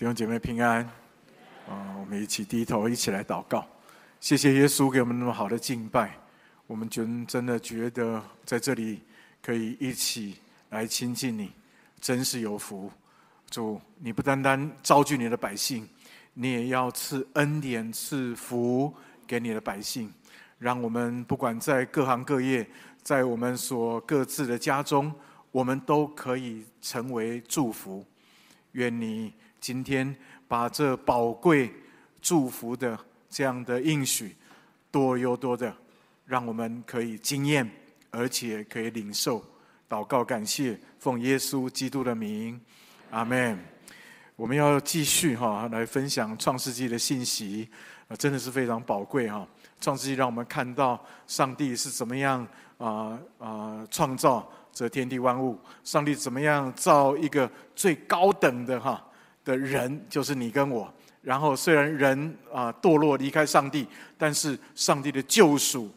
弟兄姐妹平安，啊，我們一起低頭一起來禱告。謝謝耶穌給我們那麼好的敬拜，我們覺真的覺得在這裡可以一起來親近你，真是有福。主，你不單單召聚你的百姓，你也要賜恩典賜福給你的百姓，讓我們不管在各行各業，在我們所各自的家中，我們都可以成為祝福。願你。今天把這寶貴祝福的這樣的應許多又多的，讓我們可以經驗，而且可以領受禱告感謝，奉耶穌基督的名，阿門。我們要繼續哈來分享創世紀的信息，啊，真的是非常寶貴哈。創世紀讓我們看到上帝是怎麼樣啊啊創造這天地萬物，上帝怎麼樣造一個最高等的哈。的人就是你跟我，然後雖然人啊墮落離開上帝，但是上帝的救贖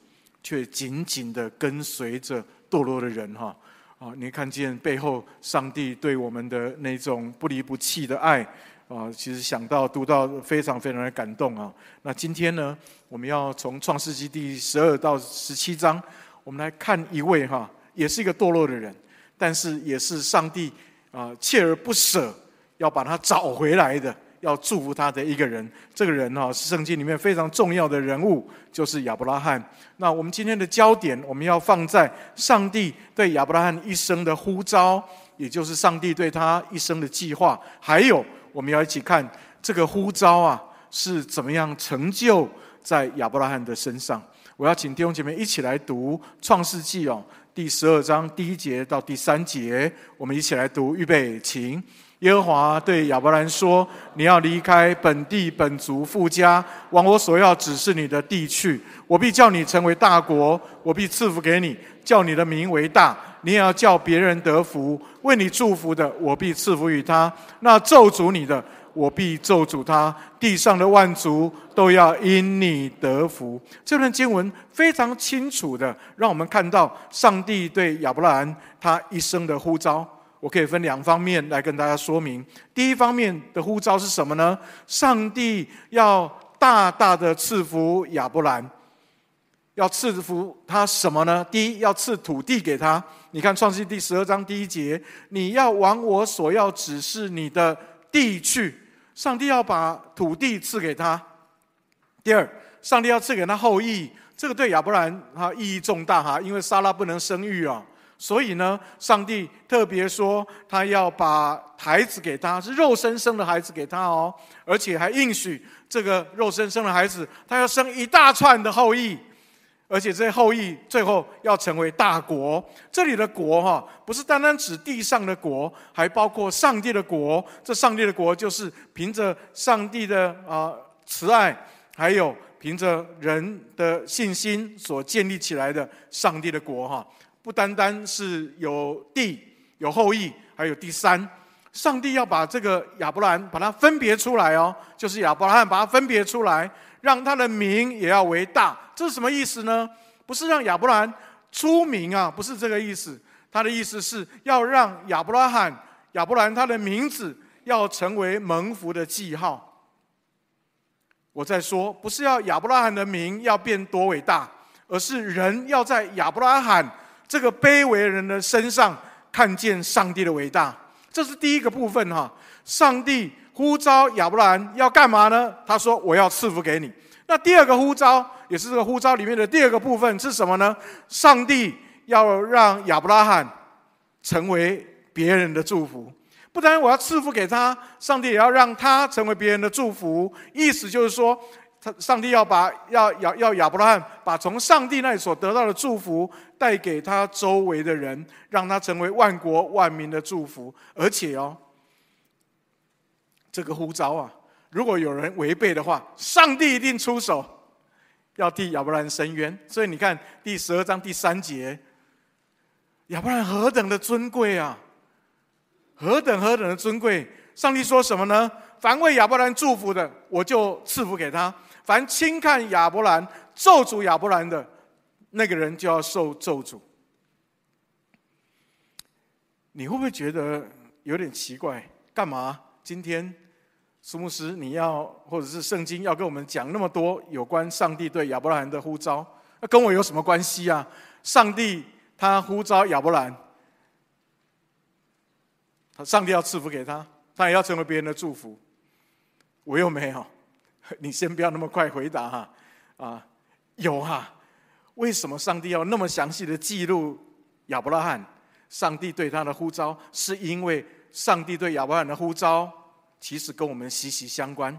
卻緊緊的跟隨着墮落的人哈啊！你看見背後上帝對我們的那種不離不棄的愛啊，其實想到讀到非常非常的感動啊！那今天呢，我們要從創世記第十二到十七章，我們來看一位哈，也是一個墮落的人，但是也是上帝啊鍥而不捨，要把他找回來的，要祝福他的一個人，這個人哈是聖經裡面非常重要的人物，就是亞伯拉罕。那我們今天的焦點，我們要放在上帝對亞伯拉罕一生的呼召，也就是上帝對他一生的計劃。還有，我們要一起看這個呼召啊，是怎麼樣成就在亞伯拉罕的身上。我要請弟兄姐妹一起來讀創世記哦，第十二章第一節到第三節，我們一起來讀，預備，請。耶和華對亞伯蘭說：“你要離開本地、本族、父家，往我所要指示你的地去。我必叫你成為大國，我必賜福給你，叫你的名為大。你也要叫別人得福。為你祝福的，我必賜福於他；那咒詛你的，我必咒詛他。地上的萬族都要因你得福。”這段經文非常清楚的讓我們看到上帝對亞伯蘭他一生的呼召。我可以分兩方面來跟大家說明。第一方面的呼召是什麼呢？上帝要大大的賜福亞伯蘭，要賜福他什麼呢？第一，要賜土地給他。你看創世記第十二章第一節：“你要往我所要指示你的地去。”上帝要把土地賜給他。第二，上帝要賜給他後裔，這個對亞伯蘭哈意義重大哈，因為撒拉不能生育啊。所以呢，上帝特別說，他要把孩子給他，是肉身生的孩子給他哦，而且還應許這個肉身生的孩子，他要生一大串的後裔，而且這些後裔最後要成為大國。這裡的“國”啊哈，不是單單指地上的國，還包括上帝的國。這上帝的國，就是憑着上帝的啊呃慈愛，還有憑着人的信心所建立起來的上帝的國哈啊。不單單是有地、有後裔，還有第三，上帝要把這個亞伯蘭把它分別出來哦，就是亞伯拉罕把它分別出來，讓他的名也要為大。這是什麼意思呢？不是讓亞伯蘭出名啊，不是這個意思。他的意思是，要讓亞伯拉罕、亞伯蘭他的名字要成為蒙福的記號。我在說，不是要亞伯拉罕的名要變多偉大，而是人要在亞伯拉罕。這個卑微的人的身上看見上帝的偉大，這是第一個部分哈。上帝呼召亞伯拉罕要幹嘛呢？他說：“我要賜福給你。”那第二個呼召，也是這個呼召裡面的第二個部分是什麼呢？上帝要讓亞伯拉罕成為別人的祝福，不但我要賜福給他。上帝也要讓他成為別人的祝福，意思就是說，他上帝要把要要要亞伯拉罕把從上帝那裡所得到的祝福帶給他周圍的人，讓他成為萬國萬民的祝福。而且哦，這個呼召啊，如果有人違背的話，上帝一定出手，要替亞伯拉罕伸冤。所以你看第十二章第三節，亞伯拉罕何等的尊貴啊，何等何等的尊貴！上帝說什麼呢？凡為亞伯拉罕祝福的，我就賜福給他。凡輕看亞伯蘭、咒詛亞伯蘭的那個人，就要受咒詛。你會不會覺得有點奇怪？幹嘛今天蘇牧師你要，或者是聖經要跟我們講那麼多有關上帝對亞伯蘭的呼召？那跟我有什麼關係啊？上帝他呼召亞伯蘭，他上帝要賜福給他，他也要成為別人的祝福，我又沒有。你先不要那麼快回答哈，啊，有哈、啊，為什麼上帝要那麼詳細的記錄亞伯拉罕？上帝對他的呼召，是因為上帝對亞伯拉罕的呼召，其實跟我們息息相關。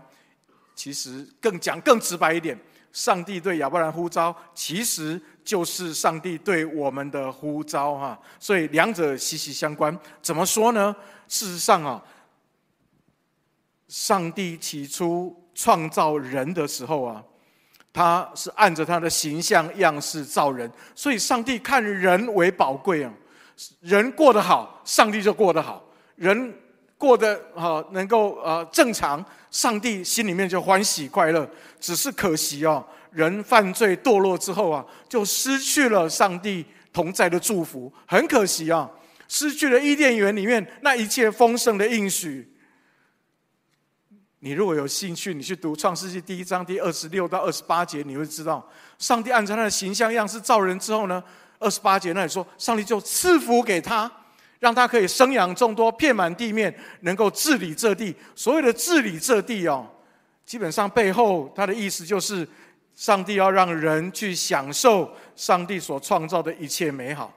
其實更講更直白一點，上帝對亞伯拉罕呼召，其實就是上帝對我們的呼召哈，所以兩者息息相關。怎麼說呢？事實上啊，上帝起初。創造人的時候啊，他是按着他的形象樣式造人，所以上帝看人為寶貴啊，人過得好，上帝就過得好；人過得好，能夠啊正常，上帝心裡面就歡喜快樂。只是可惜啊，人犯罪墮落之後啊，就失去了上帝同在的祝福，很可惜啊，失去了伊甸園裡面那一切豐盛的應許。你如果有興趣，你去讀《創世紀》第一章第二十六到二十八節，你會知道，上帝按照他的形象樣式造人之後呢，二十八節那裡說，上帝就賜福給他，讓他可以生養眾多，遍滿地面，能夠治理這地。所謂的治理這地哦，基本上背後他的意思就是，上帝要讓人去享受上帝所創造的一切美好。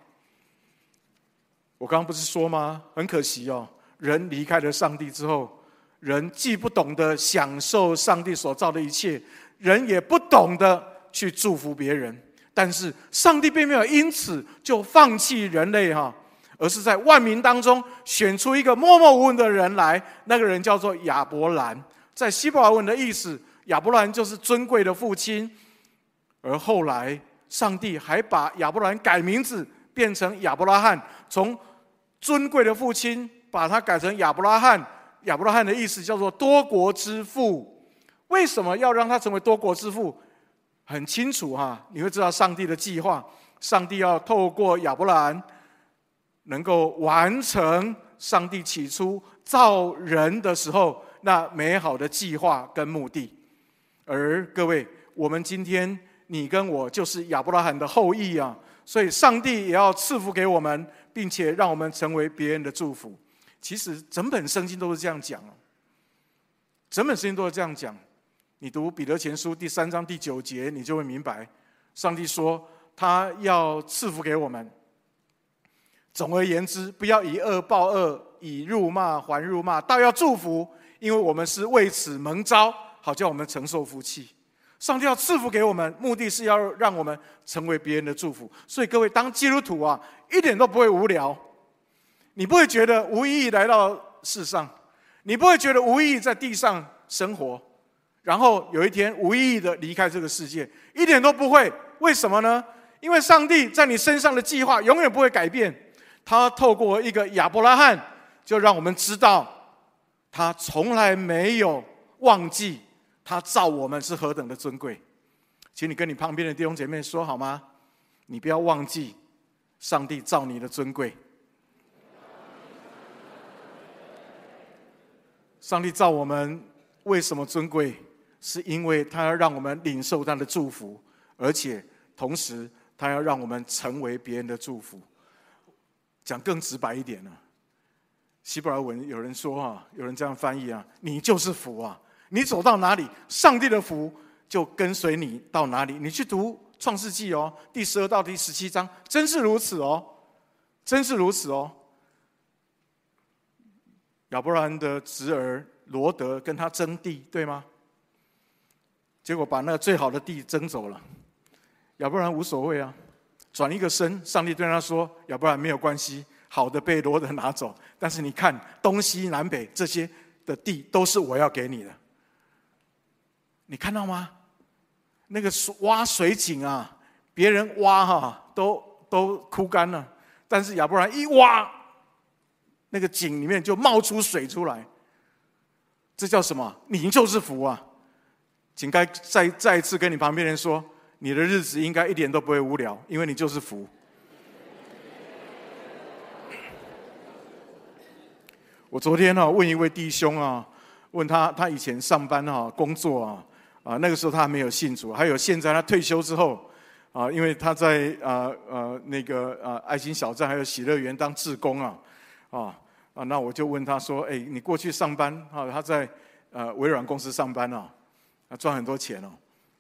我剛剛不是說嗎？很可惜哦，人離開了上帝之後，人既不懂得享受上帝所造的一切，人也不懂得去祝福別人。但是上帝並沒有因此就放棄人類哈，而是在萬民當中選出一個默默無聞的人來。那個人叫做亞伯蘭，在希伯來文的意思，亞伯蘭就是尊貴的父親。而後來上帝還把亞伯蘭改名字，變成亞伯拉罕。從尊貴的父親，把他改成亞伯拉罕。亞伯拉罕的意思叫做多國之父，為什麼要讓他成為多國之父？很清楚哈，你會知道上帝的計劃。上帝要透過亞伯拉罕，能夠完成上帝起初造人的時候那美好的計劃跟目的。而各位，我們今天你跟我就是亞伯拉罕的後裔啊，所以上帝也要賜福給我們，並且讓我們成為別人的祝福。其實整本聖經都是這樣講。整本聖經都是這樣講。你讀彼得前書第三章第九節，你就會明白，上帝說他要賜福給我們。總而言之，不要以惡報惡，以辱罵還辱罵，倒要祝福，因為我們是為此蒙召，好叫我們承受福氣。上帝要賜福給我們，目的是要讓我們成為別人的祝福。所以各位，當基督徒啊，一點都不會無聊。你不會覺得無意義來到世上，你不會覺得無意義在地上生活，然後有一天無意義的離開這個世界，一點都不會。為什麼呢？因為上帝在你身上的計劃永遠不會改變。他透過一個亞伯拉罕，就讓我們知道，他從來沒有忘記他造我們是何等的尊貴。請你跟你旁邊的弟兄姐妹說好嗎？你不要忘記，上帝造你的尊貴。上帝造我們為什麼尊貴？是因為他要讓我們領受他的祝福，而且同時他要讓我們成為別人的祝福。講更直白一點呢、啊？希伯來文有人說哈、啊，有人這樣翻譯啊：“你就是福啊，你走到哪裡，上帝的福就跟隨你到哪裡。”你去讀《創世記》哦，第十二到第十七章，真是如此哦，真是如此哦。亞伯蘭的侄兒羅德跟他爭地，對嗎？結果把那個最好的地爭走了。亞伯蘭無所謂啊，轉一個身，上帝對他說：“亞伯蘭沒有關係，好的被羅德拿走，但是你看東西南北這些的地都是我要給你的。”你看到嗎？那個挖水井啊，別人挖哈、啊、都都枯乾了，但是亞伯蘭一挖。那個井裡面就冒出水出來，這叫什麼？你就是福啊請！請再再一次跟你旁邊人說，你的日子應該一點都不會無聊，因為你就是福。我昨天呢、啊、問一位弟兄啊，問他他以前上班啊工作啊啊那個時候他還沒有信主，還有現在他退休之後啊，因為他在啊啊、呃呃、那個啊愛心小鎮還有喜樂園當志工啊。啊啊！那我就問他說：“哎、欸，你過去上班啊？他在呃微軟公司上班啊，他賺很多錢哦。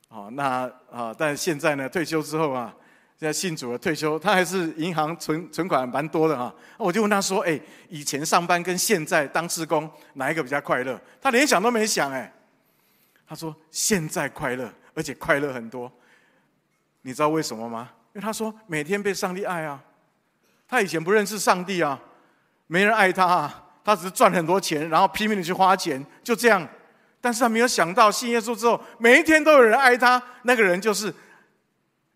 啊，那啊，但現在呢退休之後啊，現在信主的退休，他還是銀行存存款蠻多的哈。我就問他說：‘哎、欸，以前上班跟現在當事工，哪一個比較快樂？’他連想都沒想哎，他說現在快樂，而且快樂很多。你知道為什麼嗎？因為他說每天被上帝愛啊。他以前不認識上帝啊。”沒人愛他，他只是賺很多錢，然後拼命的去花錢，就這樣。但是他沒有想到信耶穌之後，每一天都有人愛他。那個人就是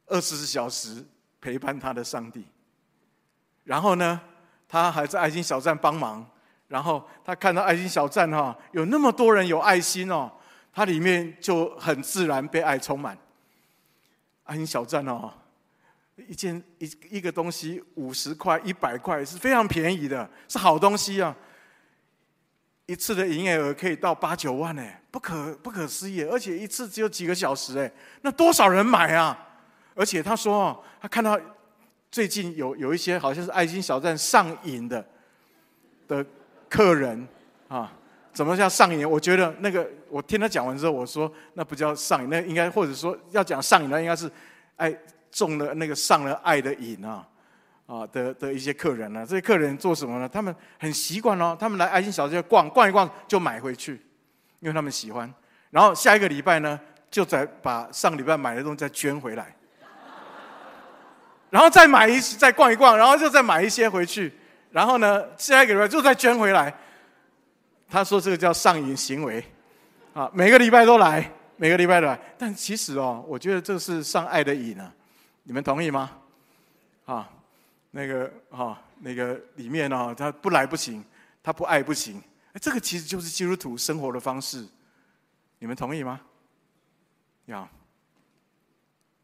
二十四小時陪伴他的上帝。然後呢，他還在愛心小站幫忙。然後他看到愛心小站哈，有那麼多人有愛心哦，他裡面就很自然被愛充滿。愛心小站哦。一件一一個東西，五十塊一百塊是非常便宜的，是好東西啊。一次的營業額可以到八九萬呢，不可不可思議，而且一次只有幾個小時哎，那多少人買啊？而且他說他看到最近有有一些好像是愛心小站上癮的的客人啊，怎麼叫上癮？我覺得那個，我聽他講完之後，我說那不叫上癮，那應該或者說要講上癮那應該是哎。中了那個上了愛的癮啊，啊的的一些客人呢，啊，這些客人做什麼呢？他們很習慣哦，他們來愛心小店逛逛一逛就買回去，因為他們喜歡。然後下一個禮拜呢，就再把上個禮拜買的東西再捐回來，然後再買一再逛一逛，然後就再買一些回去，然後呢下一個禮拜就再捐回來。他說這個叫上癮行為，啊，每個禮拜都來，每個禮拜都來。但其實哦，我覺得這是上愛的癮啊。你們同意嗎？啊，那個啊，那個裡面啊，他不來不行，他不愛不行。這個其實就是基督徒生活的方式。你們同意嗎？要，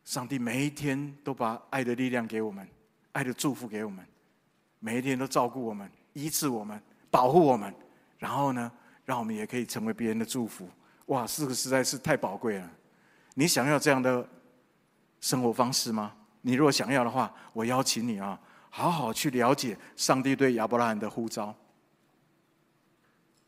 上帝每一天都把愛的力量給我們，愛的祝福給我們，每一天都照顧我們、醫治我們、保護我們，然後呢，讓我們也可以成為別人的祝福。哇，這個實在是太寶貴了。你想要這樣的？生活方式嗎？你如果想要的話，我邀請你啊，好好去了解上帝對亞伯拉罕的呼召，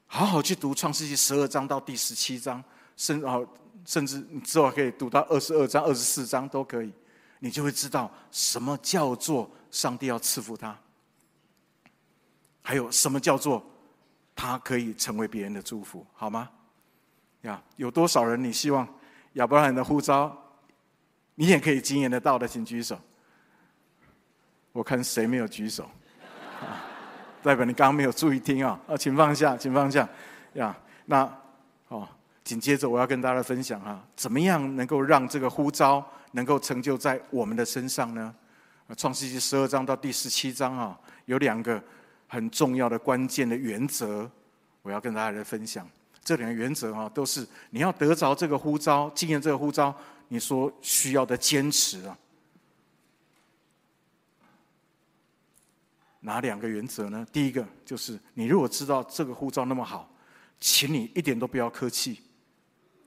好好去讀創世記十二章到第十七章，甚至，甚至你之後可以讀到二十二章、二十四章都可以，你就會知道什麼叫做上帝要賜福他，還有什麼叫做他可以成為別人的祝福，好嗎？呀，有多少人你希望亞伯拉罕的呼召？你也可以經驗得到的，請舉手。我看誰沒有舉手，代表你剛剛沒有注意聽啊！啊，請放下，請放下。呀，那哦，緊接着我要跟大家分享啊，怎麼樣能夠讓這個呼召能夠成就在我們的身上呢？創世記十二章到第十七章啊，有兩個很重要的關鍵的原則，我要跟大家來分享。這兩個原則啊，都是你要得着這個呼召，經驗這個呼召，你所需要的堅持啊。哪兩個原則呢？第一個就是，你如果知道這個呼召那麼好，請你一點都不要客氣，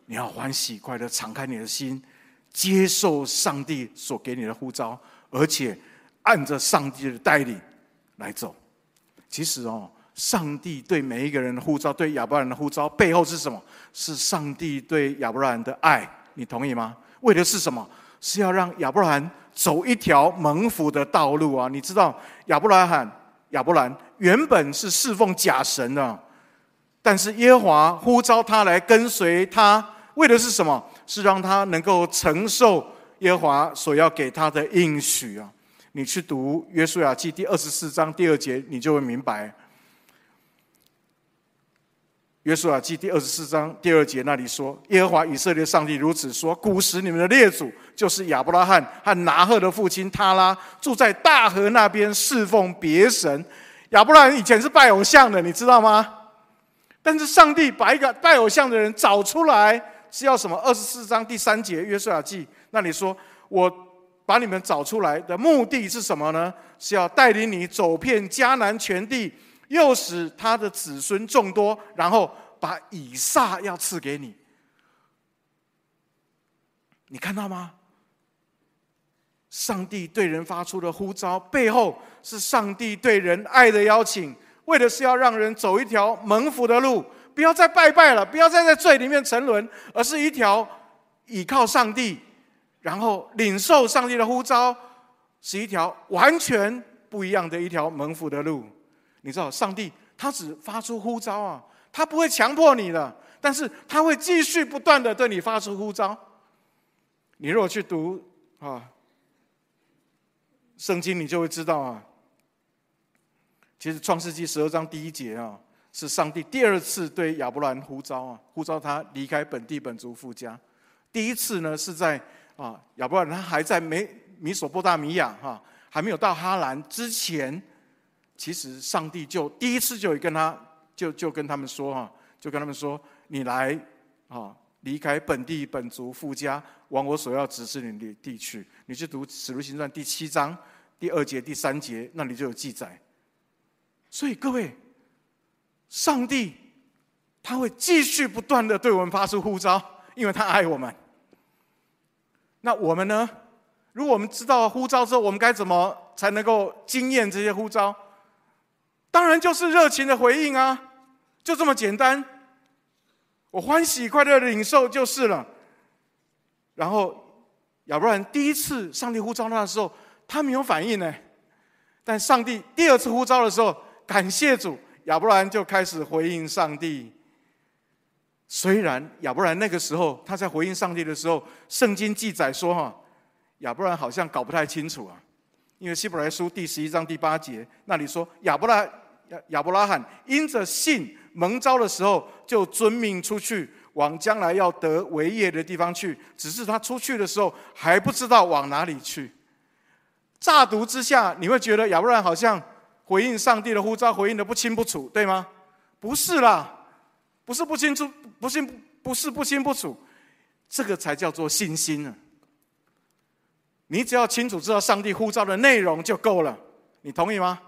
你要歡喜快樂，敞開你的心，接受上帝所給你的呼召，而且按着上帝的帶領來走。其實哦，上帝對每一個人的呼召，對亞伯蘭的呼召背後是什麼？是上帝對亞伯蘭的愛。你同意嗎？為的是什麼？是要讓亞伯蘭走一條蒙福的道路啊！你知道亞伯拉罕、亞伯蘭原本是侍奉假神的，但是耶和華呼召他來跟隨他，為的是什麼？是讓他能夠承受耶和華所要給他的應許啊！你去讀《約書亞記》第二十四章第二節，你就會明白。約書亞記第二十四章第二節那裡說：“耶和華以色列上帝如此說：古時你們的列祖，就是亞伯拉罕和拿鶴的父親他拉，住在大河那邊，侍奉別神。亞伯拉罕以前是拜偶像的，你知道嗎？但是上帝把一個拜偶像的人找出來，是要什麼？二十四章第三節約書亞記那裡說：我把你們找出來的目的是什麼呢？是要帶領你走遍迦南全地。”又使他的子孫眾多，然後把以撒要賜給你，你看到嗎？上帝對人發出的呼召，背後是上帝對人愛的邀請，為的是要讓人走一條蒙福的路，不要再拜拜了，不要再在罪裡面沉淪，而是一條依靠上帝，然後領受上帝的呼召，是一條完全不一樣的一條蒙福的路。你知道，上帝他只發出呼召啊，他不會強迫你的，但是他會繼續不斷的對你發出呼召。你如果去讀啊，聖經，你就會知道啊。其實創世記十二章第一節啊，是上帝第二次對亞伯蘭呼召啊，呼召他離開本地本族父家。第一次呢是在啊，亞伯蘭他還在美米索不達米亞哈，還沒有到哈蘭之前。其實上帝就第一次就跟他就就跟他們說哈，就跟他們說：“你來啊，離開本地本族父家，往我所要指示你的地區。”你去讀《使徒行傳》第七章第二節、第三節，那裡就有記載。所以各位，上帝他會繼續不斷地對我們發出呼召，因為他愛我們。那我們呢？如果我們知道了呼召之後，我們該怎麼才能夠經驗這些呼召？當然就是熱情的回應啊，就這麼簡單。我歡喜快樂的領受就是了。然後亞伯蘭第一次上帝呼召他的時候，他沒有反應呢。但上帝第二次呼召的時候，感謝主，亞伯蘭就開始回應上帝。雖然亞伯蘭那個時候他在回應上帝的時候，聖經記載說哈，亞伯蘭好像搞不太清楚啊，因為希伯來書第十一章第八節那裡說亞伯蘭。亞伯拉罕因着信蒙召的時候，就遵命出去往將來要得為業的地方去。只是他出去的時候還不知道往哪裡去。乍讀之下，你會覺得亞伯拉罕好像回應上帝的呼召，回應的不清不楚，對嗎？不是啦，不是不清不不是不是不清不楚，這個才叫做信心呢。你只要清楚知道上帝呼召的內容就夠了，你同意嗎？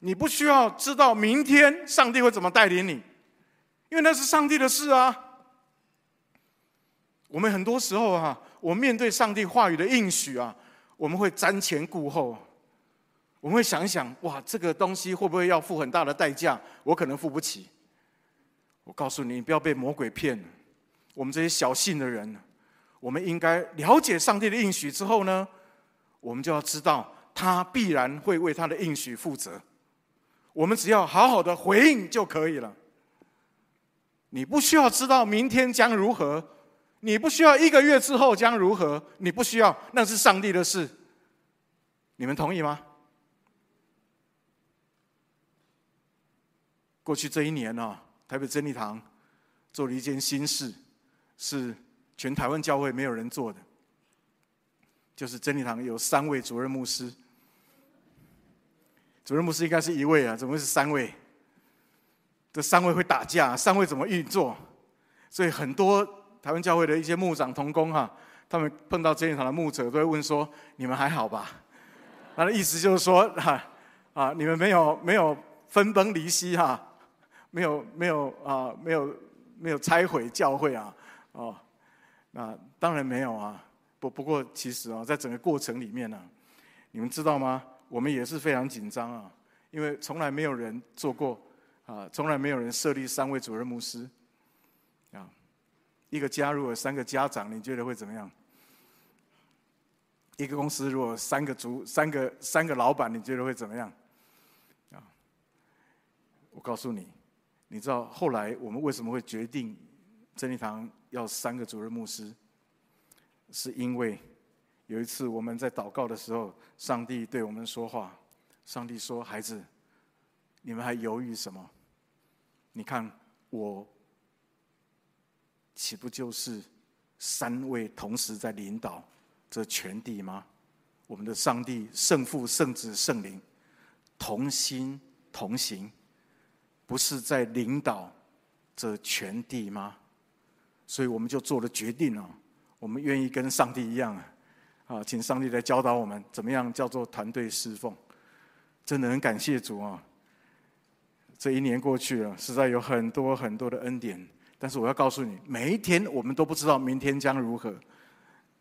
你不需要知道明天上帝會怎麼帶領你，因為那是上帝的事啊。我們很多時候啊，我們面對上帝話語的應許啊，我們會瞻前顧後，我們會想一想，哇，這個東西會不會要付很大的代價？我可能付不起。我告訴你，你，不要被魔鬼騙。我們這些小信的人，我們應該了解上帝的應許之後呢，我們就要知道，他必然會為他的應許負責。我們只要好好的回應就可以了。你不需要知道明天將如何，你不需要一個月之後將如何，你不需要，那是上帝的事。你們同意嗎？過去這一年啊，台北真理堂做了一件新事，是全台灣教會沒有人做的，就是真理堂有三位主任牧師。主任不是應該是一位啊，怎麼會是三位？這三位會打架，三位怎麼運作？所以很多台灣教會的一些牧長同工哈、啊，他們碰到這一場的牧者都會問說：你們還好吧？他的意思就是說哈啊、啊，你們沒有沒有分崩離析哈、啊，沒有沒有啊沒有、啊沒有沒有拆毀教會啊哦，那、啊、當然沒有啊。不不過其實啊，在整個過程裡面呢、啊，你們知道嗎？我們也是非常緊張啊，因為從來沒有人做過啊，從來沒有人設立三位主任牧師啊。一個家如果三個家長，你覺得會怎麼樣？一個公司如果三個主三個三個老板，你覺得會怎麼樣？啊，我告訴你，你知道後來我們為什麼會決定真理堂要三個主任牧師，是因為。有一次，我們在禱告的時候，上帝對我們說話。上帝說：“孩子，你們還猶豫什麼？你看我，豈不就是三位同時在領導這全地嗎？我們的上帝，聖父、聖子、聖靈，同心同行，不是在領導這全地嗎？所以，我們就做了決定啊，我們願意跟上帝一樣啊。”啊，請上帝來教導我們，怎麼樣叫做團隊侍奉？真的很感謝主啊！這一年過去了啊，實在有很多很多的恩典。但是我要告訴你，每一天我們都不知道明天將如何，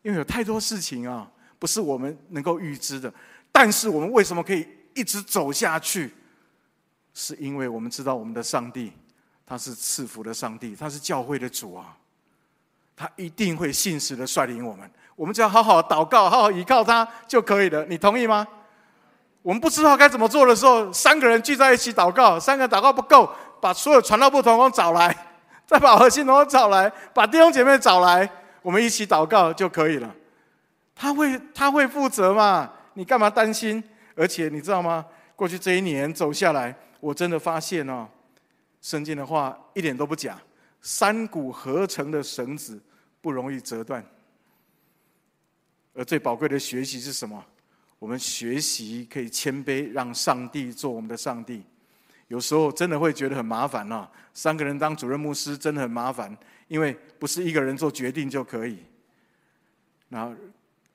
因為有太多事情啊，不是我們能夠預知的。但是我們為什麼可以一直走下去？是因為我們知道我們的上帝，他是賜福的上帝，他是教會的主啊，他一定會信實的率領我們。我們只要好好禱告，好好倚靠他就可以了。你同意嗎？我們不知道該怎麼做的時候，三個人聚在一起禱告，三個人禱告不夠，把所有傳道部同工找來，再把核心同工找來，把弟兄姐妹找來，我們一起禱告就可以了。他會，他會負責嘛？你幹嘛擔心？而且你知道嗎？過去這一年走下來，我真的發現哦，聖經的話一點都不假。三股合成的繩子不容易折斷。而最寶貴的學習是什麼？我們學習可以謙卑，讓上帝做我們的上帝。有時候真的會覺得很麻煩啊，三個人當主任牧師真的很麻煩，因為不是一個人做決定就可以。然後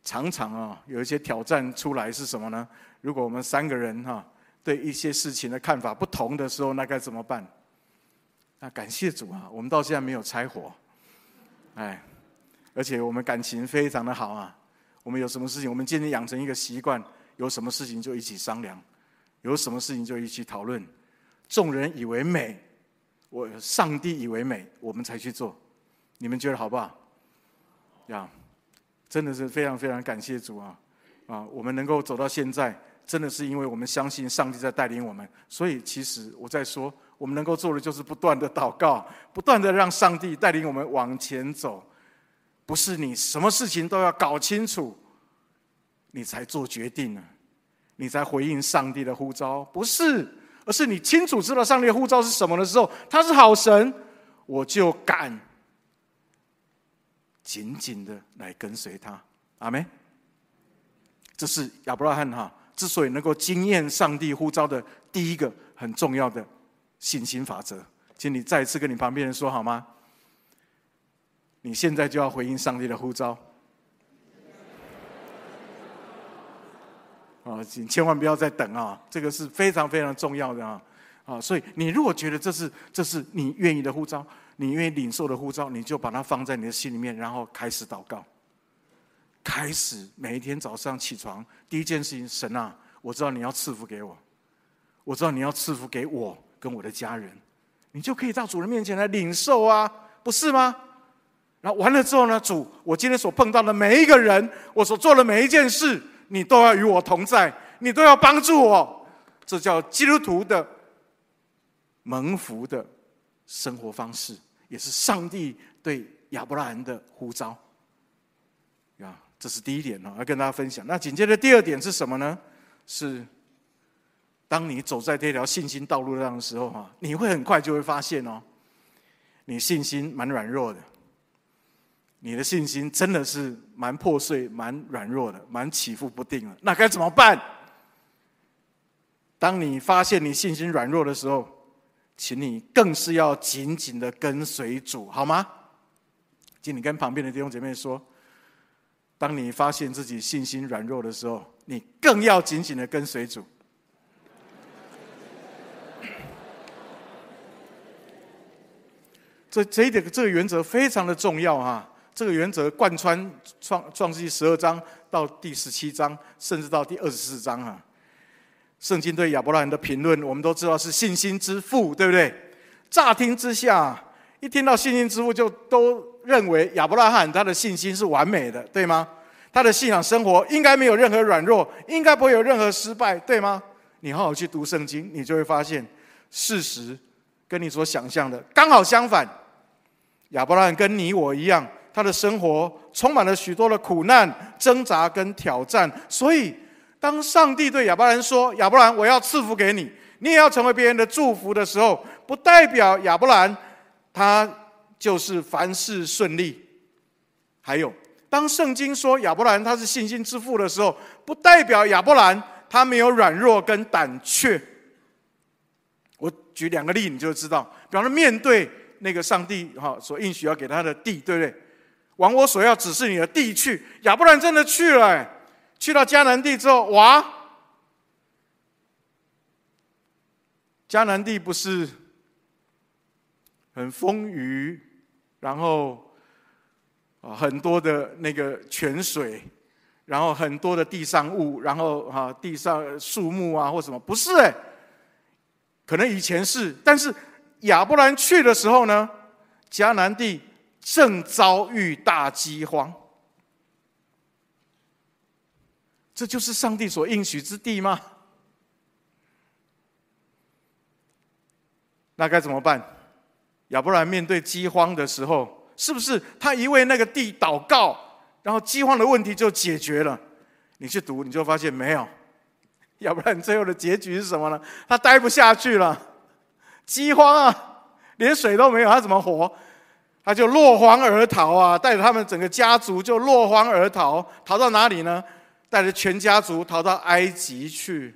常常啊，有一些挑戰出來是什麼呢？如果我們三個人哈、啊、對一些事情的看法不同的時候，那該怎麼辦？那感謝主啊，我們到現在沒有拆夥，哎，而且我們感情非常的好啊。我們有什麼事情，我們今天養成一個習慣，有什麼事情就一起商量，有什麼事情就一起討論。眾人以為美，我上帝以為美，我們才去做。你們覺得好不好？呀，真的是非常非常感謝主啊！啊，我們能夠走到現在，真的是因為我們相信上帝在帶領我們。所以，其實我在說，我們能夠做的就是不斷的禱告，不斷的讓上帝帶領我們往前走。不是你什麼事情都要搞清楚，你才做決定呢，你才回應上帝的呼召。不是，而是你清楚知道上帝的呼召是什麼的時候，他是好神，我就敢緊緊的來跟隨他。阿門。這是亞伯拉罕哈之所以能夠經驗上帝呼召的第一個很重要的信心法則，請你再一次跟你旁邊人說好嗎？你現在就要回應上帝的呼召，啊，請千萬不要再等啊！這個是非常非常重要的啊！啊，所以你如果覺得這是這是你願意的呼召，你願意領受的呼召，你就把它放在你的心裡面，然後開始禱告，開始每一天早上起床第一件事情，神啊，我知道你要賜福給我，我知道你要賜福給我跟我的家人，你就可以到主人面前來領受啊，不是嗎？那完了之後呢，主，我今天所碰到的每一個人，我所做的每一件事，你都要與我同在，你都要幫助我。這叫基督徒的蒙福的生活方式，也是上帝對亞伯拉罕的呼召。啊，這是第一點哦，要跟大家分享。那緊接着第二點是什麼呢？是當你走在這條信心道路上的時候哈，你會很快就會發現哦，你信心蠻軟弱的。你的信心真的是蠻破碎、蠻軟弱的、蠻起伏不定的。那該怎麼辦？當你發現你信心軟弱的時候，請你更是要緊緊的跟隨主，好嗎？請你跟旁邊的弟兄姐妹說，當你發現自己信心軟弱的時候，你更要緊緊的跟隨主。 這這一點，這個原則非常的重要哈。這個原則貫穿創創世記十二章到第十七章，甚至到第二十四章哈。聖經對亞伯拉罕的評論，我們都知道是信心之父，對不對？乍聽之下，一聽到信心之父，就都認為亞伯拉罕他的信心是完美的，對嗎？他的信仰生活應該沒有任何軟弱，應該不會有任何失敗，對嗎？你好好去讀聖經，你就會發現，事實跟你所想象的剛好相反。亞伯拉罕跟你我一樣。他的生活充滿了許多的苦難、掙扎跟挑戰，所以當上帝對亞伯蘭說：“亞伯蘭，我要賜福給你，你也要成為別人的祝福”的時候，不代表亞伯蘭他就是凡事順利。還有，當聖經說亞伯蘭他是信心之父的時候，不代表亞伯蘭他沒有軟弱跟膽怯。我舉兩個例，你就知道，比方說面對那個上帝哈所應許要給他的地，對不對？往我所要指示你的地去。亞伯蘭真的去了，欸，去到迦南地之後，哇！迦南地不是很豐腴，然後很多的那個泉水，然後很多的地上物，然後啊地上樹木啊或什麼？不是哎，欸，可能以前是，但是亞伯蘭去的時候呢，迦南地。正遭遇大饑荒，這就是上帝所應許之地嗎？那該怎麼辦？要不然面對饑荒的時候，是不是他一為那個地禱告，然後饑荒的問題就解決了？你去讀，你就發現沒有。要不然，最後的結局是什麼呢？他待不下去了，饑荒啊，連水都沒有，他怎麼活？他就落荒而逃啊！帶着他們整個家族就落荒而逃，逃到哪裡呢？帶着全家族逃到埃及去。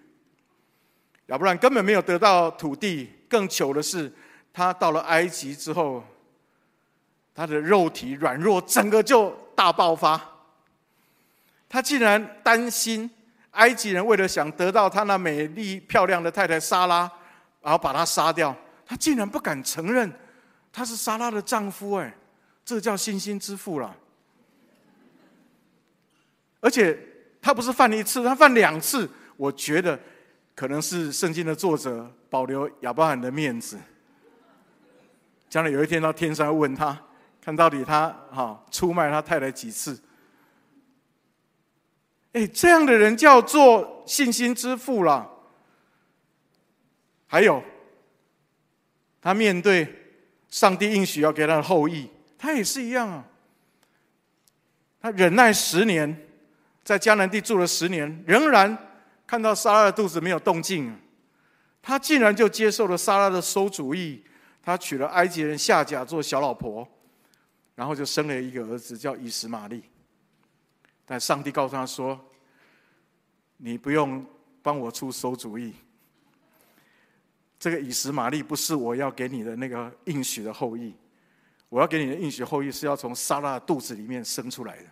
亞伯蘭根本沒有得到土地，更糗的是，他到了埃及之後，他的肉體軟弱，整個就大爆發。他竟然擔心埃及人為了想得到他那美麗漂亮的太太莎拉，然後把他殺掉。他竟然不敢承認。他是莎拉的丈夫，欸，哎，這叫信心之父啦。而且他不是犯一次，他犯兩次。我覺得可能是聖經的作者保留亞伯拉罕的面子。將來有一天到天上問他，看到底他哈出賣他太太幾次？哎，這樣的人叫做信心之父啦。還有，他面對。上帝應許要給他的後裔，他也是一樣啊。他忍耐十年，在迦南地住了十年，仍然看到撒拉的肚子沒有動靜。他竟然就接受了撒拉的餿主意，他娶了埃及人夏甲做小老婆，然後就生了一個兒子，叫以實瑪利。但上帝告訴他說：“你不用幫我出餿主意。”這個以實瑪利不是我要給你的那個應許的後裔，我要給你的應許後裔是要從撒拉肚子裡面生出來的。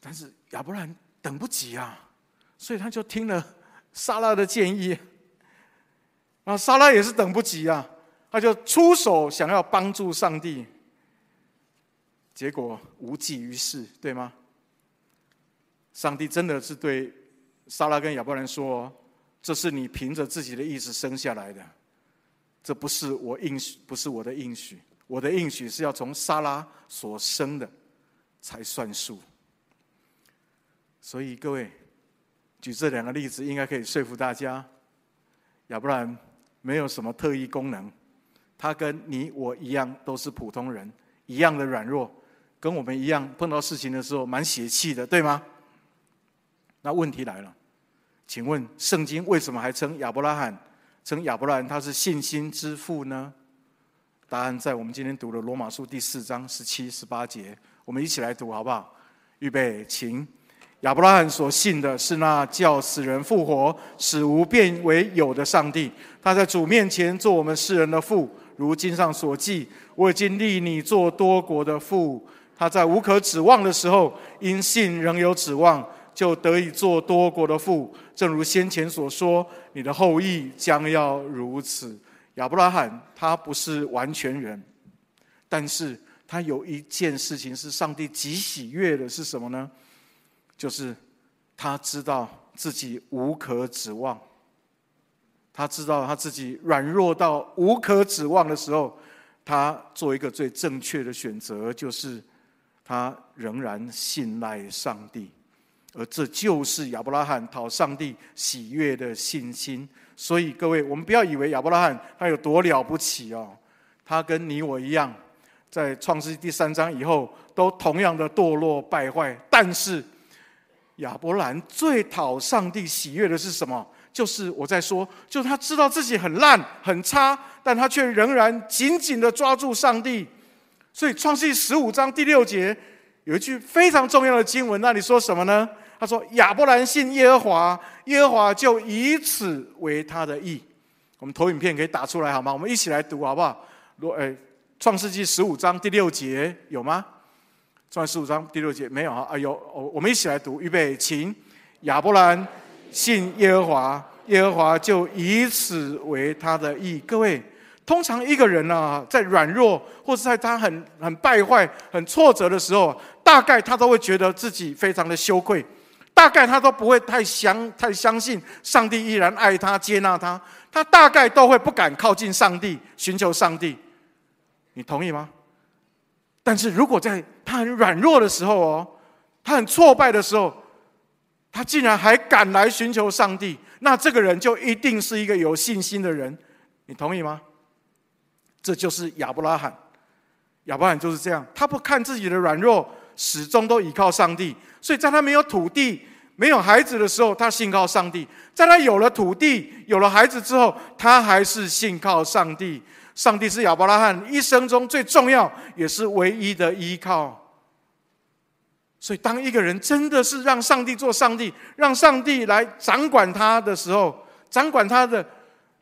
但是亞伯蘭等不及啊，所以他就聽了撒拉的建議。然後撒拉也是等不及啊，他就出手想要幫助上帝，結果無濟於事，對嗎？上帝真的是對。撒拉跟亞伯蘭說：“這是你憑着自己的意思生下來的，這不是我應許，不是我的應許。我的應許是要從撒拉所生的才算數。”所以各位舉這兩個例子，應該可以說服大家，亞伯蘭沒有什麼特異功能，他跟你我一樣，都是普通人，一樣的軟弱，跟我們一樣，碰到事情的時候蠻洩氣的，對嗎？那問題來了。請問，聖經為什麼還稱亞伯拉罕稱亞伯拉罕他是信心之父呢？答案在我們今天讀的羅馬書第四章十七、十八節，我們一起來讀好不好？預備，請。亞伯拉罕所信的是那叫死人復活、使無變為有的上帝。他在主面前做我們世人的父，如經上所記：“我已經立你做多國的父。”他在無可指望的時候，因信仍有指望。就得以做多國的父，正如先前所說，你的後裔將要如此。亞伯拉罕他不是完全人，但是他有一件事情是上帝極喜悅的，是什麼呢？就是他知道自己無可指望，他知道他自己軟弱到無可指望的時候，他做一個最正確的選擇，就是他仍然信賴上帝。而這就是亞伯拉罕討上帝喜悅的信心。所以各位，我們不要以為亞伯拉罕他有多了不起哦，他跟你我一樣，在創世記第三章以後都同樣的墮落敗壞。但是亞伯蘭最討上帝喜悅的是什麼？就是我在說，就是他知道自己很爛很差，但他卻仍然緊緊地抓住上帝。所以創世記十五章第六節有一句非常重要的經文，那裡說什麼呢？他說：“亞伯蘭信耶和華，耶和華就以此為他的義。”我們投影片可以打出來好嗎？我們一起來讀好不好？若、欸、誒，《創世紀》十五章第六節有嗎？創世紀十五章第六節沒有啊？啊，有，我們一起來讀，預備，請。亞伯蘭信耶和華，耶和華就以此為他的義。各位，通常一個人啊，在軟弱，或是在他很很敗壞、很挫折的時候，大概他都會覺得自己非常的羞愧。大概他都不會太相太相信上帝依然愛他接納他，他大概都會不敢靠近上帝尋求上帝，你同意嗎？但是如果在他很軟弱的時候哦，他很挫敗的時候，他竟然還敢來尋求上帝，那這個人就一定是一個有信心的人，你同意嗎？這就是亞伯拉罕，亞伯拉罕就是這樣，他不看自己的軟弱。始終都倚靠上帝，所以在他沒有土地、沒有孩子的時候，他信靠上帝；在他有了土地、有了孩子之後，他還是信靠上帝。上帝是亞伯拉罕一生中最重要也是唯一的依靠。所以，當一個人真的是讓上帝做上帝，讓上帝來掌管他的時候，掌管他的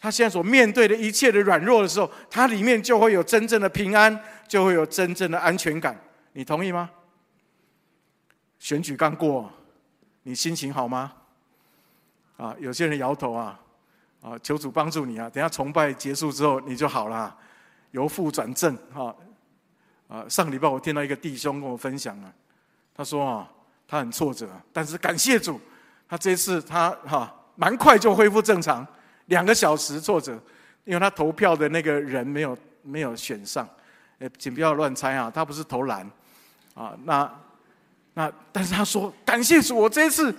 他現在所面對的一切的軟弱的時候，他裡面就會有真正的平安，就會有真正的安全感。你同意嗎？選舉剛過，你心情好嗎？啊，有些人搖頭啊，啊，求主幫助你啊！等下崇拜結束之後，你就好了，由負轉正啊！啊，上禮拜我聽到一個弟兄跟我分享啊，他說啊，他很挫折，但是感謝主，他這次他哈蠻快就恢復正常，兩個小時挫折，因為他投票的那個人沒有沒有選上，呃，請不要亂猜啊，他不是投藍啊，那。那但是他說，感謝主，我這一次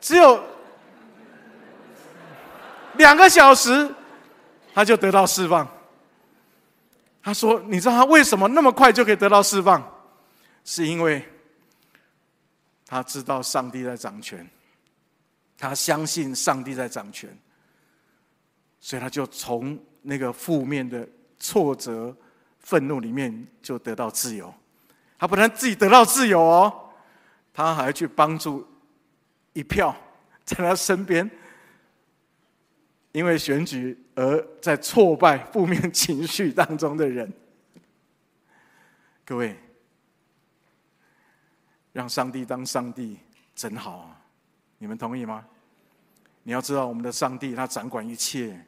只有兩個小時，他就得到釋放。他說，你知道他為什麼那麼快就可以得到釋放？是因為他知道上帝在掌權，他相信上帝在掌權，所以他就從那個負面的挫折、憤怒裡面就得到自由。他不能自己得到自由哦、喔。他還去幫助一票在他身邊，因為選舉而在挫敗負面情緒當中的人。各位，讓上帝當上帝真好啊！你們同意嗎？你要知道，我們的上帝，他掌管一切，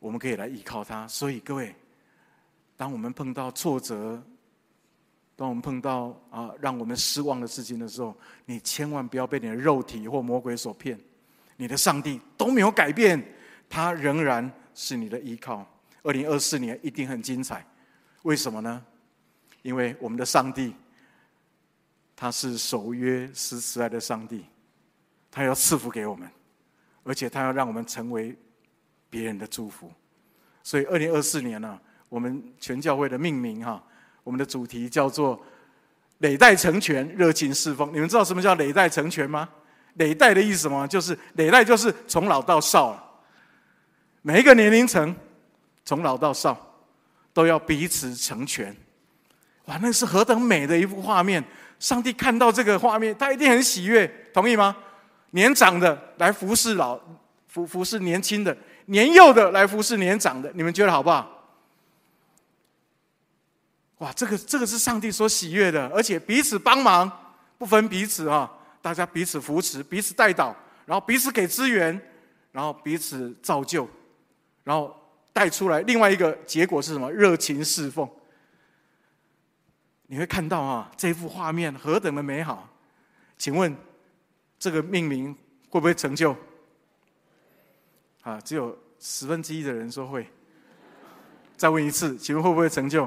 我們可以來依靠他。所以，各位，當我們碰到挫折，當我們碰到啊讓我們失望的事情的時候，你千萬不要被你的肉體或魔鬼所騙，你的上帝都沒有改變，他仍然是你的依靠。二零二四年一定很精彩，為什麼呢？因為我們的上帝，他是守約施慈愛的上帝，他要賜福給我們，而且他要讓我們成為別人的祝福。所以二零二四年呢、啊，我們全教會的命名哈、啊。我們的主題叫做“累代成全，熱情侍奉”。你們知道什麼叫“累代成全”嗎？“累代”的意思什麼？就是“累代”就是從老到少了。每一個年齡層，從老到少都要彼此成全。哇，那是何等美的一幅畫面！上帝看到這個畫面，他一定很喜悅，同意嗎？年長的來服侍老，服服侍年輕的；年幼的來服侍年長的。你們覺得好不好？哇，這個這個是上帝所喜悅的，而且彼此幫忙，不分彼此啊！大家彼此扶持，彼此帶導，然後彼此給資源，然後彼此造就，然後帶出來另外一個結果是什麼？熱情侍奉。你會看到啊，這幅畫面何等的美好！請問，這個命名會不會成就？啊，只有十分之一的人說會。再問一次，請問會不會成就？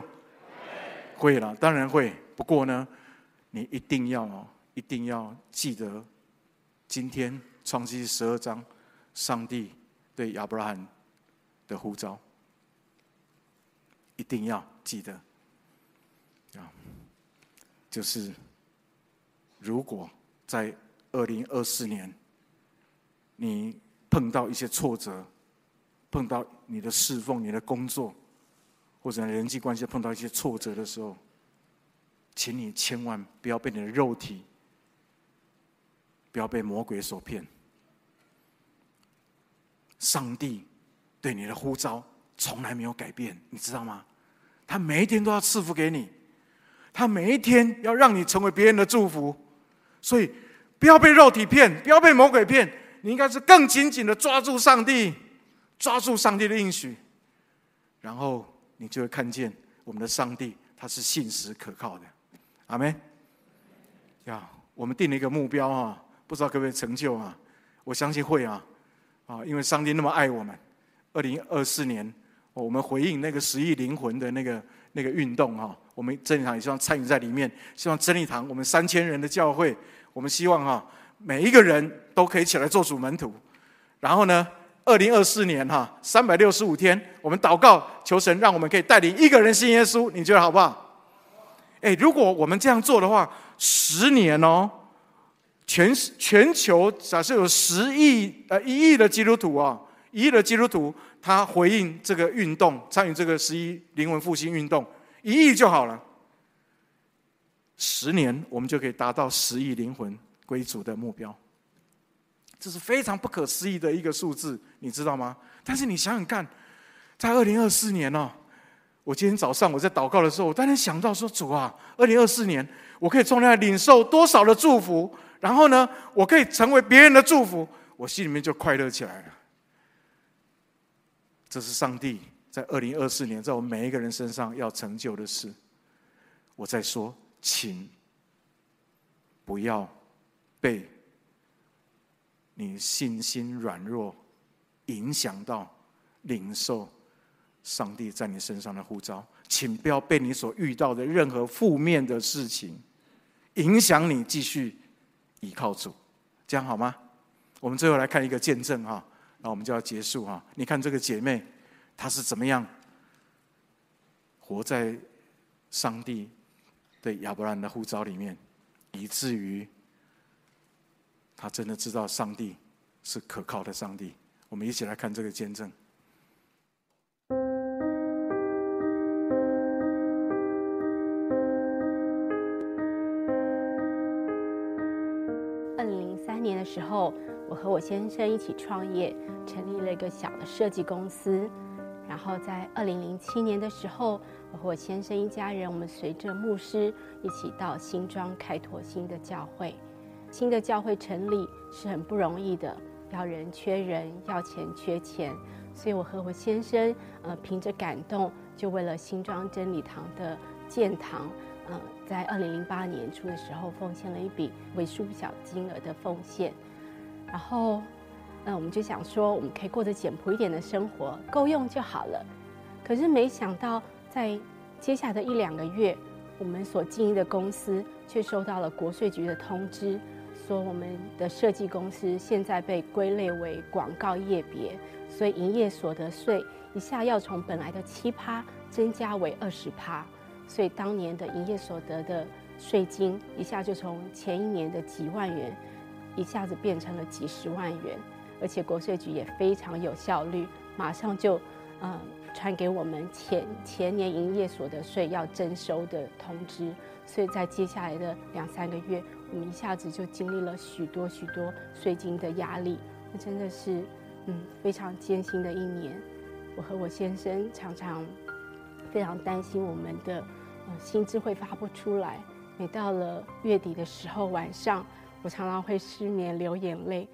會啦，當然會。不過呢，你一定要，一定要記得，今天創世記十二章，上帝對亞伯拉罕的呼召，一定要記得。啊，就是如果在二零二四年，你碰到一些挫折，碰到你的侍奉、你的工作。或者人際關係碰到一些挫折的時候，請你千萬不要被你的肉體，不要被魔鬼所騙。上帝對你的呼召從來沒有改變，你知道嗎？他每一天都要賜福給你，他每一天要讓你成為別人的祝福，所以不要被肉體騙，不要被魔鬼騙，你應該是更緊緊的抓住上帝，抓住上帝的應許，然後。你就會看見我們的上帝，他是信實可靠的。阿門。呀、yeah,，我們定了一個目標啊，不知道各位成就啊？我相信會啊，啊，因為上帝那麼愛我們。二零二四年，我們回應那個十億靈魂的那個那個運動哈、啊，我們真理堂也希望參與在裡面。希望真理堂，我們三千人的教會，我們希望哈、啊，每一個人都可以起來做主門徒。然後呢？二零二四年哈、啊，三百六十五天，我們禱告求神，讓我們可以帶領一個人信耶穌，你覺得好不好？哎，如果我們這樣做的話，十年哦，全全球假設有十億呃一億的基督徒啊，一億的基督徒他回應這個運動，參與這個十億靈魂復興運動，一億就好了。十年我們就可以達到十億靈魂歸主的目標。這是非常不可思議的一個數字，你知道嗎？但是你想想看，在二零二四年呢，我今天早上我在禱告的時候，我當然想到說：“主啊，二零二四年我可以從那裡領受多少的祝福？然後呢，我可以成為別人的祝福，我心裡面就快樂起來了。”這是上帝在二零二四年在我們每一個人身上要成就的事。我在說，請不要被。你信心軟弱，影響到領受上帝在你身上的呼召，請不要被你所遇到的任何負面的事情影響你繼續倚靠主，這樣好嗎？我們最後來看一個見證哈，那我們就要結束哈，你看這個姐妹，她是怎麼樣活在上帝對亞伯蘭的呼召裡面，以至於。他真的知道上帝是可靠的上帝。我們一起來看這個見證。二零零三年的時候，我和我先生一起創業，成立了一個小的設計公司。然後在二零零七年的時候，我和我先生一家人，我們隨着牧師一起到新莊開拓新的教會。新的教會成立是很不容易的，要人缺人，要錢缺錢，所以我和我先生，呃，憑着感動，就為了新莊真理堂的建堂，嗯、呃，在二零零八年初的時候，奉獻了一筆為數不小金額的奉獻。然後，那、呃、我們就想說，我們可以過得簡樸一點的生活，夠用就好了。可是沒想到，在接下來的一兩個月，我們所經營的公司卻收到了國稅局的通知。說我們的設計公司現在被歸類為廣告業別，所以營業所得稅一下要從本來的七趴增加為二十趴，所以當年的營業所得的稅金一下就從前一年的幾萬元，一下子變成了幾十萬元，而且國稅局也非常有效率，馬上就嗯傳給我們前前年營業所得稅要徵收的通知，所以在接下來的兩三個月。我們一下子就經歷了許多許多稅金的壓力，那真的是，嗯，非常艱辛的一年。我和我先生常常非常擔心我們的，嗯，薪資會發不出來。每到了月底的時候，晚上我常常會失眠、流眼淚，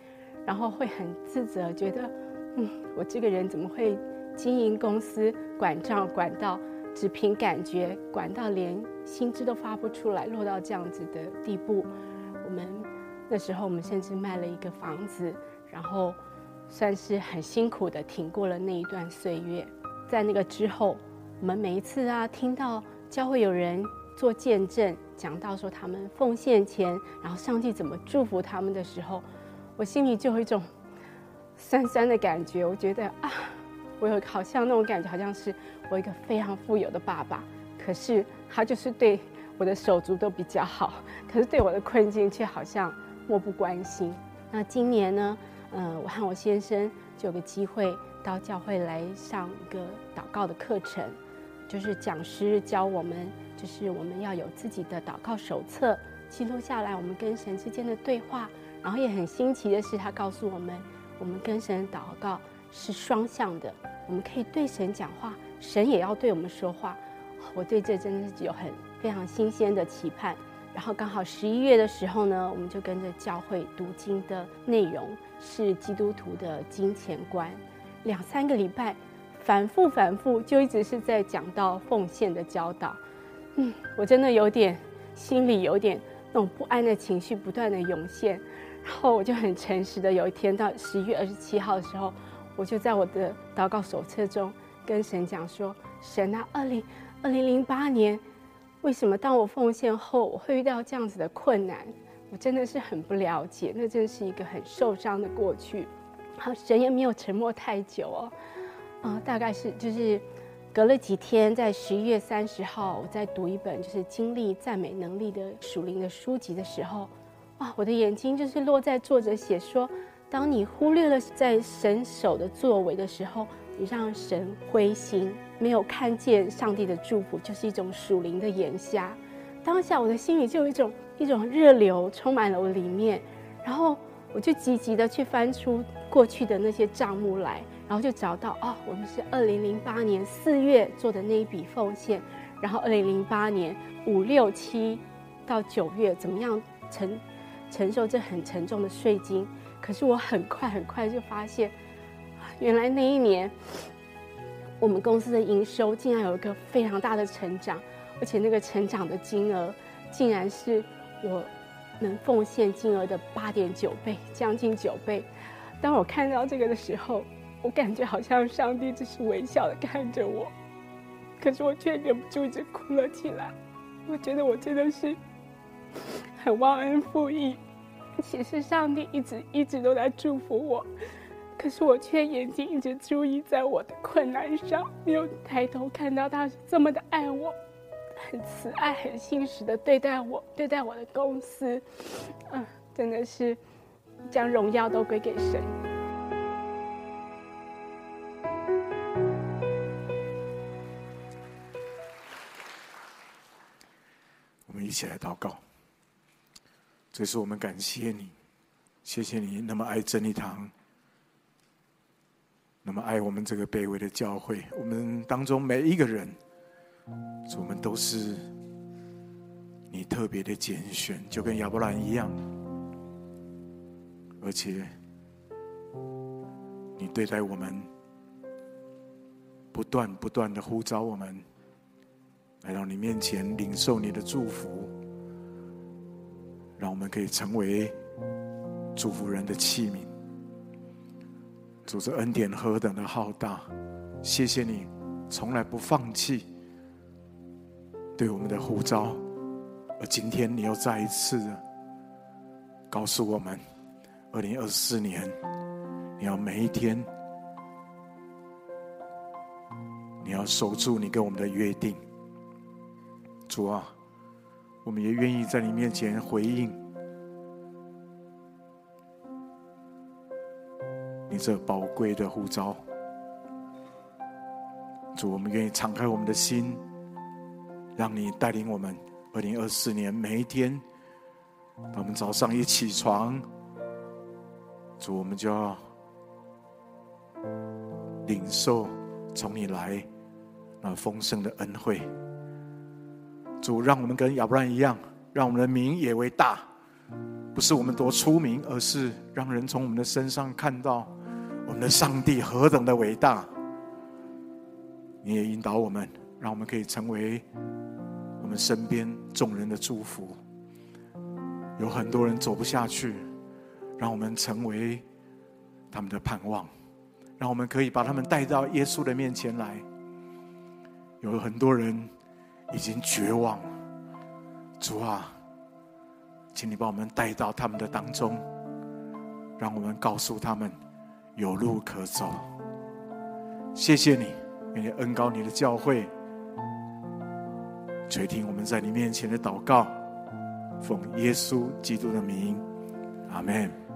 然後會很自責，覺得，嗯，我這個人怎麼會經營公司、管賬、管到只憑感覺，管到連薪資都發不出來，落到這樣子的地步。我們那時候，我們甚至賣了一個房子，然後算是很辛苦地挺過了那一段歲月。在那個之後，我們每一次啊聽到教會有人做見證，講到說他們奉獻錢，然後上帝怎麼祝福他們的時候，我心裡就有一種酸酸的感覺。我覺得啊，我有好像那種感覺，好像是我一個非常富有的爸爸，可是他就是對。我的手足都比較好，可是對我的困境卻好像漠不關心。那今年呢？呃，我和我先生就有個機會到教會來上一個禱告的課程，就是講師教我們，就是我們要有自己的禱告手冊，記錄下來我們跟神之間的對話。然後也很新奇的是，他告訴我們，我們跟神禱告是雙向的，我們可以對神講話，神也要對我們說話。我對這真的是有很非常新鮮的期盼，然後剛好十一月的時候呢，我們就跟着教會讀經的內容是基督徒的金錢觀，兩三個禮拜反覆反覆，就一直是在講到奉獻的教導。嗯，我真的有點心裡有點那種不安的情緒不斷地湧現，然後我就很誠實的，有一天到十一月二十七號的時候，我就在我的禱告手冊中跟神講說：神啊，二零二零零八年。為什麼當我奉獻後，我會遇到這樣子的困難？我真的是很不了解，那真是一個很受傷的過去。好，神也沒有沉默太久哦，啊，大概是就是隔了幾天，在十一月三十號，我在讀一本就是經歷讚美能力的屬靈的書籍的時候，啊，我的眼睛就是落在作者寫說，當你忽略了在神手的作為的時候，你讓神灰心。沒有看見上帝的祝福，就是一種屬靈的眼瞎。當下我的心裡就有一種一種熱流充滿了我裡面，然後我就積極地去翻出過去的那些賬目來，然後就找到哦，我們是二零零八年四月做的那一筆奉獻，然後二零零八年五六七到九月怎麼樣承承受這很沉重的稅金？可是我很快很快就發現，原來那一年。我們公司的營收竟然有一個非常大的成長，而且那個成長的金額，竟然是我能奉獻金額的八點九倍，將近九倍。當我看到這個的時候，我感覺好像上帝只是微笑地看着我，可是我卻忍不住一直哭了起來。我覺得我真的是很忘恩負義，其實上帝一直一直都在祝福我。可是我卻眼睛一直注意在我的困難上，沒有抬頭看到他是這麼的愛我，很慈愛、很信實地對待我，對待我的公司，嗯、啊，真的是將榮耀都歸給神。我們一起來禱告，這是我們感謝你，謝謝你那麼愛真理堂，那麼，愛我們這個卑微的教會，我們當中每一個人，我們都是你特別的揀選，就跟亞伯蘭一樣。而且，你對待我們，不斷不斷的呼召我們來到你面前，領受你的祝福，讓我們可以成為祝福人的器皿。主着恩典何等的浩大！謝謝你，從來不放棄對我們的呼召，而今天你又再一次的告訴我們：二零二四年，你要每一天，你要守住你跟我們的約定。主啊，我們也願意在你面前回應。你這寶貴的呼召，主，我們願意敞開我們的心，讓你帶領我們。二零二四年每一天，我們早上一起床，主，我們就要領受從你來那豐盛的恩惠。主，讓我們跟亞伯蘭一樣，讓我們的名也為大，不是我們多出名，而是讓人從我們的身上看到。我們的上帝何等的偉大！你也引導我們，讓我們可以成為我們身邊眾人的祝福。有很多人走不下去，讓我們成為他們的盼望，讓我們可以把他們帶到耶穌的面前來。有很多人已經絕望了，主啊，請你把我們帶到他們的當中，讓我們告訴他們，有路可走。謝謝你，願你恩膏，你的教會垂聽我們在你面前的禱告，奉耶穌基督的名，阿門。